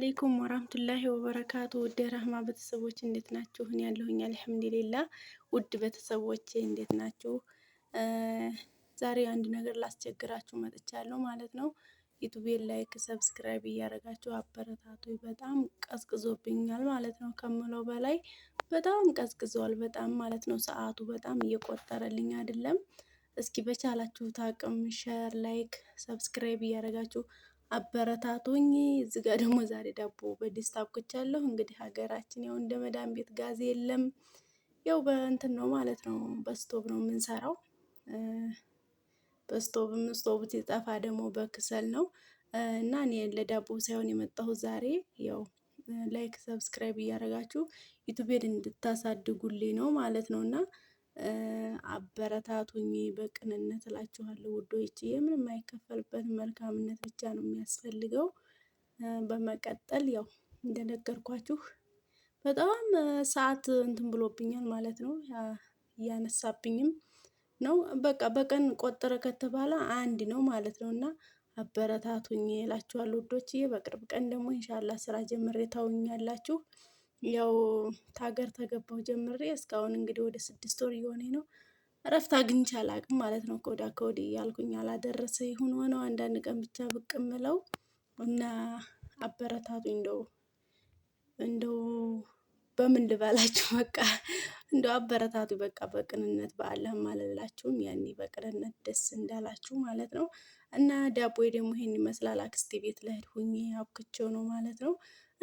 አሌይኩም ወራህመቱላሂ ወበረካቱ ውድ ረህማ ቤተሰቦች እንዴት ናችሁ? እኔ ያለሁኝ አልሐምዱሊላ። ውድ ቤተሰቦች እንዴት ናችሁ? ዛሬ አንድ ነገር ላስቸግራችሁ መጥቻለሁ ማለት ነው። ዩቱቤን ላይክ፣ ሰብስክራይብ እያደረጋችሁ አበረታቱ። በጣም ቀዝቅዞብኛል ማለት ነው። ከምለው በላይ በጣም ቀዝቅዘዋል በጣም ማለት ነው። ሰዓቱ በጣም እየቆጠረልኝ አይደለም። እስኪ በቻላችሁት አቅም ሸር፣ ላይክ፣ ሰብስክራይብ እያደረጋችሁ አበረታቶኝ እዚህ ጋር ደግሞ ዛሬ ዳቦ በድስት አብኩቻለሁ። እንግዲህ ሀገራችን ያው እንደ መዳን ቤት ጋዝ የለም፣ ያው በእንትን ነው ማለት ነው፣ በስቶብ ነው የምንሰራው። በስቶብ ስቶብ ሲጠፋ ደግሞ በክሰል ነው እና እኔ ለዳቦ ሳይሆን የመጣሁት ዛሬ ያው ላይክ ሰብስክራይብ እያደረጋችሁ ዩቱቤን እንድታሳድጉልኝ ነው ማለት ነው እና አበረታቱኝ በቅንነት እላችኋለሁ ውዶች። የምንም አይከፈልበት መልካምነት ብቻ ነው የሚያስፈልገው። በመቀጠል ያው እንደነገርኳችሁ በጣም ሰዓት እንትን ብሎብኛል ማለት ነው። እያነሳብኝም ነው በቃ በቀን ቆጠረ ከተባለ አንድ ነው ማለት ነው። እና አበረታቱኝ እላችኋለሁ ውዶችዬ። በቅርብ ቀን ደግሞ ኢንሻላ ስራ ጀምሬ ታውኛላችሁ። ያው ታገር ተገባሁ ጀምሬ እስካሁን እንግዲህ ወደ ስድስት ወር እየሆነ ነው። እረፍት አግኝቼ አላቅም ማለት ነው። ከወዳ ከወዲ እያልኩኝ አላደረሰ ይሁን ሆነው አንዳንድ ቀን ብቻ ብቅ ምለው እና አበረታቱኝ። እንደው እንደው በምን ልበላችሁ በቃ እንደው አበረታቱ። በቃ በቅንነት በአላህ ማለላችሁም ያኔ በቅንነት ደስ እንዳላችሁ ማለት ነው። እና ዳቦ ደግሞ ይሄን ይመስላል። አክስቴ ቤት ለህድ ሁኜ አብክቼው ነው ማለት ነው።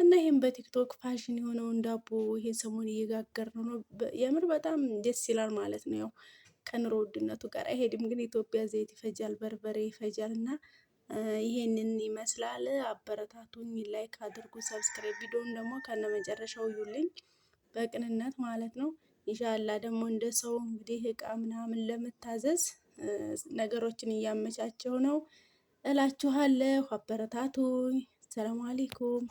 እና ይህም በቲክቶክ ፋሽን የሆነውን ዳቦ ይህን ሰሞን እየጋገር ነው የምር በጣም ደስ ይላል ማለት ነው። ያው ከኑሮ ውድነቱ ጋር አይሄድም፣ ግን ኢትዮጵያ ዘይት ይፈጃል፣ በርበሬ ይፈጃል እና ይሄንን ይመስላል። አበረታቱኝ፣ ላይክ አድርጉ፣ ሰብስክራይብ ቪዲዮን ደግሞ ከነ መጨረሻው በቅንነት ማለት ነው። እንሻላ ደግሞ እንደ ሰው እንግዲህ እቃ ምናምን ለመታዘዝ ነገሮችን እያመቻቸው ነው እላችኋለሁ። አበረታቱኝ። ሰላም አሌይኩም።